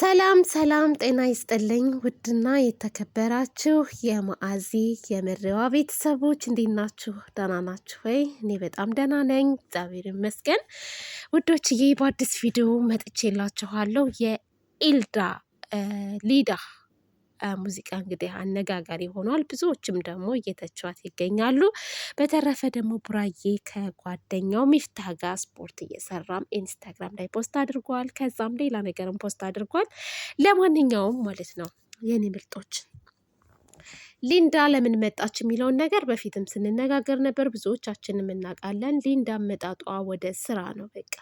ሰላም ሰላም፣ ጤና ይስጥልኝ ውድና የተከበራችሁ የማአዚ የመሪዋ ቤተሰቦች እንዴት ናችሁ? ደህና ናችሁ ወይ? እኔ በጣም ደህና ነኝ፣ እግዚአብሔር ይመስገን። ውዶችዬ በአዲስ ቪዲዮ መጥቼላችኋለሁ የኢልዳ ሊዳ ሙዚቃ እንግዲህ አነጋጋሪ ሆኗል። ብዙዎችም ደግሞ እየተቸዋት ይገኛሉ። በተረፈ ደግሞ ቡራዬ ከጓደኛው ሚፍታህ ጋር ስፖርት እየሰራም ኢንስታግራም ላይ ፖስት አድርጓል። ከዛም ሌላ ነገርም ፖስት አድርጓል። ለማንኛውም ማለት ነው የኔ ምርጦች ሊንዳ ለምን መጣች የሚለውን ነገር በፊትም ስንነጋገር ነበር። ብዙዎቻችንም እናውቃለን። ሊንዳ መጣጧ ወደ ስራ ነው በቃ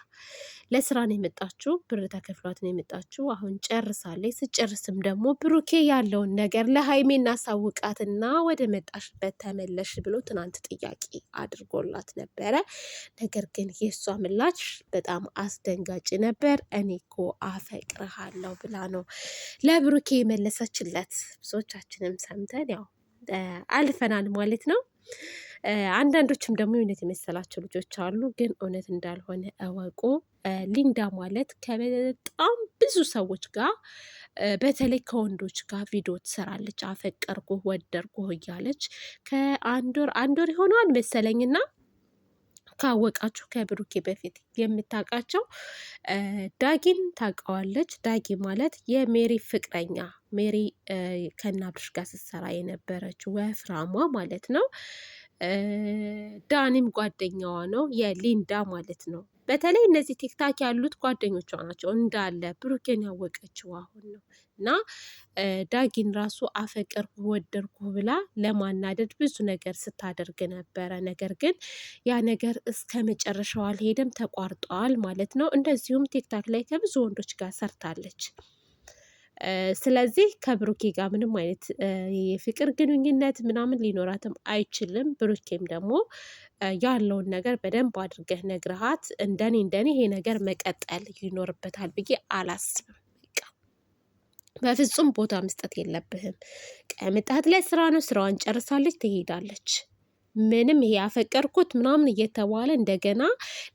ለስራ ነው የመጣችሁ፣ ብር ተከፍሏት ነው የመጣችሁ። አሁን ጨርሳለች። ስጨርስም ደግሞ ብሩኬ ያለውን ነገር ለሀይሜ እናሳውቃትና ወደ መጣሽበት ተመለሽ ብሎ ትናንት ጥያቄ አድርጎላት ነበረ። ነገር ግን የእሷ ምላሽ በጣም አስደንጋጭ ነበር። እኔ እኮ አፈቅርሃለሁ ብላ ነው ለብሩኬ የመለሰችለት። ብዙዎቻችንም ሰምተን ያው አልፈናል ማለት ነው። አንዳንዶችም ደግሞ እውነት የመሰላቸው ልጆች አሉ፣ ግን እውነት እንዳልሆነ እወቁ። ሊንዳ ማለት ከበጣም ብዙ ሰዎች ጋር በተለይ ከወንዶች ጋር ቪዲዮ ትሰራለች። አፈቀርጎ ወደርጎ እያለች ከአንድ ወር አንድ ወር ይሆነዋል መሰለኝና ካወቃችሁ ከብሩኬ በፊት የምታውቃቸው ዳጊን ታውቀዋለች። ዳጊ ማለት የሜሪ ፍቅረኛ ሜሪ ከናብርሽ ጋር ስትሰራ የነበረች ወፍራሟ ማለት ነው። ዳኒም ጓደኛዋ ነው የሊንዳ ማለት ነው። በተለይ እነዚህ ቲክታክ ያሉት ጓደኞቿ ናቸው እንዳለ ብሩኬን ያወቀችው አሁን ነው። እና ዳጊን ራሱ አፈቀርኩ ወደድኩ ብላ ለማናደድ ብዙ ነገር ስታደርግ ነበረ። ነገር ግን ያ ነገር እስከ መጨረሻው አልሄደም፣ ተቋርጠዋል ማለት ነው። እንደዚሁም ቲክታክ ላይ ከብዙ ወንዶች ጋር ሰርታለች። ስለዚህ ከብሩኬ ጋር ምንም አይነት የፍቅር ግንኙነት ምናምን ሊኖራትም አይችልም። ብሩኬም ደግሞ ያለውን ነገር በደንብ አድርገህ ነግረሃት፣ እንደኔ እንደኔ ይሄ ነገር መቀጠል ይኖርበታል ብዬ አላስብም። በፍጹም ቦታ መስጠት የለብህም። ቀምጣት ለስራ ነው። ስራዋን ጨርሳለች፣ ትሄዳለች። ምንም ይሄ ያፈቀርኩት ምናምን እየተባለ እንደገና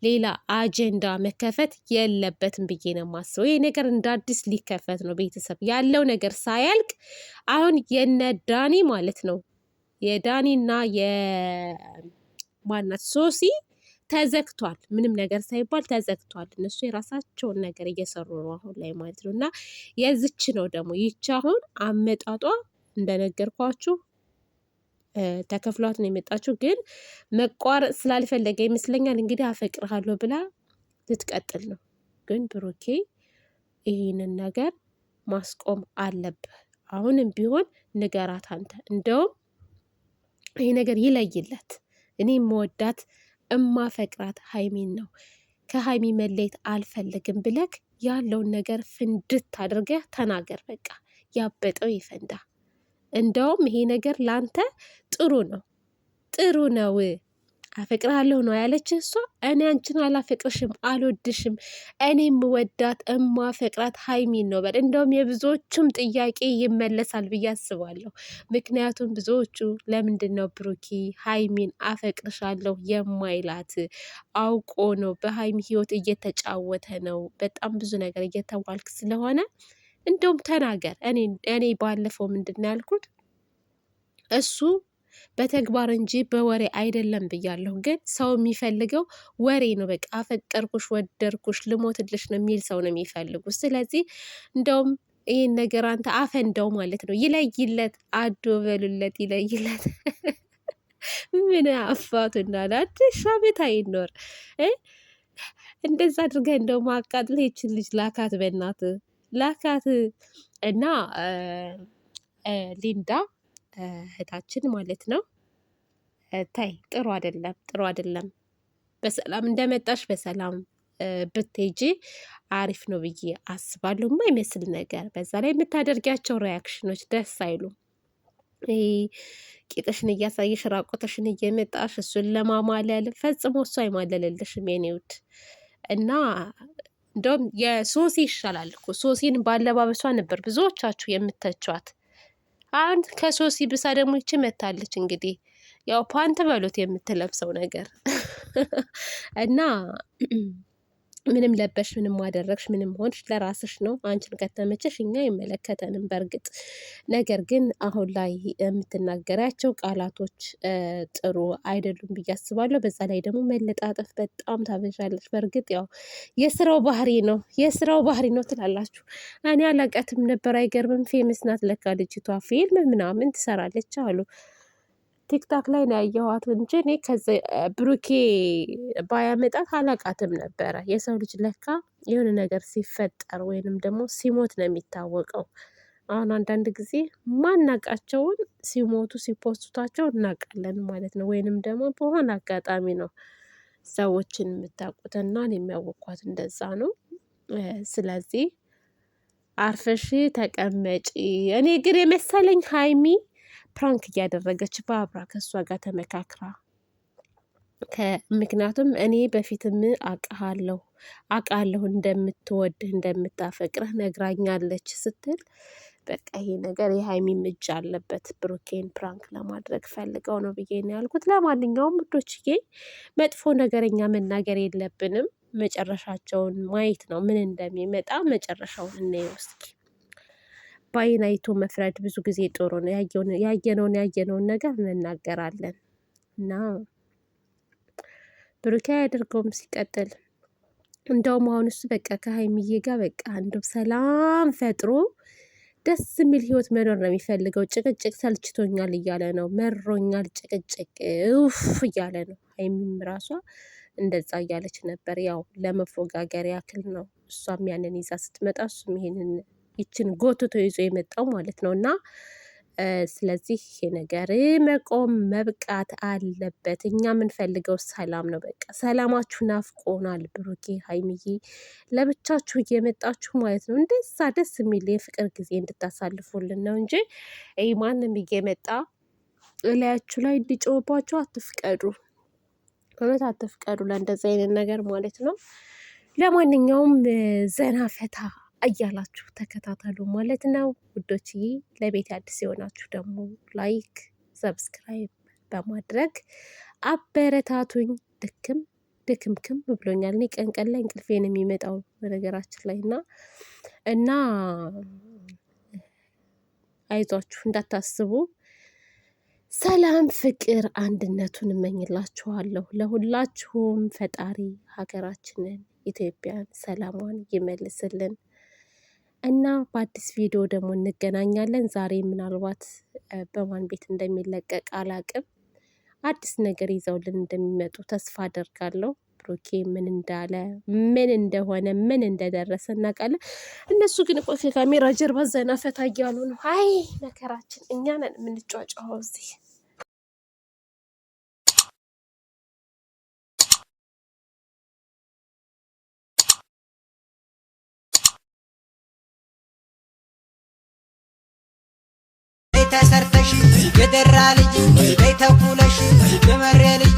ሌላ አጀንዳ መከፈት የለበትም ብዬ ነው የማስበው። ይሄ ነገር እንደ አዲስ ሊከፈት ነው። ቤተሰብ ያለው ነገር ሳያልቅ አሁን የነ ዳኒ ማለት ነው የዳኒና የማናት ሶሲ ተዘግቷል። ምንም ነገር ሳይባል ተዘግቷል። እነሱ የራሳቸውን ነገር እየሰሩ ነው አሁን ላይ ማለት ነው። እና የዝች ነው ደግሞ ይች አሁን አመጣጧ እንደነገርኳችሁ ተከፍሏት ነው የመጣችው። ግን መቋረጥ ስላልፈለገ ይመስለኛል እንግዲህ አፈቅርሃለሁ ብላ ልትቀጥል ነው። ግን ብሩኬ ይህንን ነገር ማስቆም አለብህ። አሁንም ቢሆን ንገራት አንተ። እንደውም ይሄ ነገር ይለይለት። እኔ መወዳት እማፈቅራት ሀይሚን ነው ከሀይሚ መለየት አልፈልግም ብለክ ያለውን ነገር ፍንድት አድርገህ ተናገር። በቃ ያበጠው ይፈንዳ። እንደውም ይሄ ነገር ላንተ ጥሩ ነው ጥሩ ነው አፈቅርሃለሁ ነው ያለች እሷ። እኔ አንቺን አላፈቅርሽም፣ አልወድሽም፣ እኔ የምወዳት እማፈቅራት ሀይሚን ነው በል። እንደውም የብዙዎቹም ጥያቄ ይመለሳል ብዬ አስባለሁ። ምክንያቱም ብዙዎቹ ለምንድን ነው ብሩኪ ሀይሚን አፈቅርሻለሁ የማይላት? አውቆ ነው፣ በሀይሚ ህይወት እየተጫወተ ነው። በጣም ብዙ ነገር እየተዋልክ ስለሆነ እንደውም ተናገር። እኔ ባለፈው ምንድን ነው ያልኩት እሱ በተግባር እንጂ በወሬ አይደለም ብያለሁ። ግን ሰው የሚፈልገው ወሬ ነው። በቃ አፈቀርኩሽ፣ ወደርኩሽ፣ ልሞትልሽ ነው የሚል ሰው ነው የሚፈልጉ። ስለዚህ እንደውም ይህን ነገር አንተ አፈንዳው ማለት ነው። ይለይለት፣ በሉለት ይለይለት። ምን አፋቱ እናላት ሻቤት አይኖር እንደዛ አድርገ እንደው ማቃጥል ይችን ልጅ ላካት በእናትህ። ላካት እና ሊንዳ እህታችን ማለት ነው። ታይ ጥሩ አይደለም፣ ጥሩ አይደለም። በሰላም እንደመጣሽ በሰላም ብትሄጂ አሪፍ ነው ብዬ አስባለሁ። የማይመስል ነገር በዛ ላይ የምታደርጊያቸው ሪያክሽኖች ደስ አይሉም። ቂጥሽን እያሳየሽ ራቆትሽን እየመጣሽ እሱን ለማማለል ፈጽሞ እሱ አይማለልልሽም የኔ ውድ እና እንደውም የሶሲ ይሻላል እኮ ሶሲን ባለባበሷ ነበር ብዙዎቻችሁ የምተቿት። አሁን ከሶሲ ብሳ ደግሞ ይቺ መታለች። እንግዲህ ያው ፓንት በሎት የምትለብሰው ነገር እና ምንም ለበሽ ምንም አደረግሽ ምንም ሆንሽ ለራስሽ ነው። አንቺን ከተመቸሽ እኛ አይመለከተንም። በእርግጥ ነገር ግን አሁን ላይ የምትናገሪያቸው ቃላቶች ጥሩ አይደሉም ብዬ አስባለሁ። በዛ ላይ ደግሞ መለጣጠፍ በጣም ታበዣለች። በእርግጥ ያው የስራው ባህሪ ነው የስራው ባህሪ ነው ትላላችሁ። እኔ አላቀትም ነበር። አይገርምም? ፌምስ ናት ለካ ልጅቷ ፊልም ምናምን ትሰራለች አሉ ቲክታክ ላይ ነው ያየኋት እንጂ እኔ ብሩኬ ባያመጣት አላቃትም ነበረ። የሰው ልጅ ለካ የሆነ ነገር ሲፈጠር ወይንም ደግሞ ሲሞት ነው የሚታወቀው። አሁን አንዳንድ ጊዜ ማናቃቸውን ሲሞቱ ሲፖስቱታቸው እናውቃለን ማለት ነው። ወይንም ደግሞ በሆነ አጋጣሚ ነው ሰዎችን የምታውቁትና የሚያወቋት እንደዛ ነው። ስለዚህ አርፈሽ ተቀመጪ። እኔ ግን የመሰለኝ ሀይሚ ፕራንክ እያደረገች በአብራ ከእሷ ጋር ተመካክራ ምክንያቱም እኔ በፊትም አውቃለሁ አቃለሁ እንደምትወድህ እንደምታፈቅረህ ነግራኛለች ስትል በቃ ይሄ ነገር የሀይሚም እጅ አለበት ብሩኬን ፕራንክ ለማድረግ ፈልገው ነው ብዬ ነው ያልኩት። ለማንኛውም ውዶችዬ መጥፎ ነገረኛ መናገር የለብንም። መጨረሻቸውን ማየት ነው ምን እንደሚመጣ መጨረሻውን እናየው እስኪ። በአይን አይቶ መፍረድ ብዙ ጊዜ ጥሩ ነው። ያየነውን ያየነውን ነገር እንናገራለን እና ብሩኬ አያደርገውም። ሲቀጥል እንደውም አሁን እሱ በቃ ከሀይሚዬ ጋር በቃ እንደው ሰላም ፈጥሮ ደስ የሚል ህይወት መኖር ነው የሚፈልገው። ጭቅጭቅ ሰልችቶኛል እያለ ነው። መሮኛል፣ ጭቅጭቅ ውፍ እያለ ነው። ሀይሚም ራሷ እንደዛ እያለች ነበር። ያው ለመፎጋገር ያክል ነው። እሷም ያንን ይዛ ስትመጣ እሱም ይሄንን ይችን ጎትቶ ይዞ የመጣው ማለት ነው እና ስለዚህ ይሄ ነገር መቆም መብቃት አለበት። እኛ የምንፈልገው ሰላም ነው። በቃ ሰላማችሁ ናፍቆናል። ብሩኬ ሀይሚዬ ለብቻችሁ እየመጣችሁ ማለት ነው እንደዛ ደስ የሚል የፍቅር ጊዜ እንድታሳልፉልን ነው እንጂ ማንም እየመጣ እላያችሁ ላይ እንዲጮህባችሁ አትፍቀዱ። እውነት አትፍቀዱ ለእንደዚህ አይነት ነገር ማለት ነው። ለማንኛውም ዘና ፈታ እያላችሁ ተከታተሉ ማለት ነው ውዶችዬ። ለቤት አዲስ የሆናችሁ ደግሞ ላይክ፣ ሰብስክራይብ በማድረግ አበረታቱኝ። ድክም ድክምክም ብሎኛል። እኔ ቀን ቀን ላይ እንቅልፌን የሚመጣው በነገራችን ላይ እና እና አይዟችሁ እንዳታስቡ ሰላም፣ ፍቅር፣ አንድነቱን እመኝላችኋለሁ ለሁላችሁም። ፈጣሪ ሀገራችንን ኢትዮጵያን ሰላሟን ይመልስልን። እና በአዲስ ቪዲዮ ደግሞ እንገናኛለን። ዛሬ ምናልባት በማን ቤት እንደሚለቀቅ አላቅም። አዲስ ነገር ይዘውልን እንደሚመጡ ተስፋ አደርጋለሁ። ብሩኬ ምን እንዳለ ምን እንደሆነ ምን እንደደረሰ እናውቃለን። እነሱ ግን ቆፌ ካሜራ ጀርባ ዘና ፈታ እያሉ ነው። አይ መከራችን፣ እኛ ነን የምንጫጫኸው እዚህ ተሰርተሽ የደራ ልጅ ተይተኩለሽ የመሬ ልጅ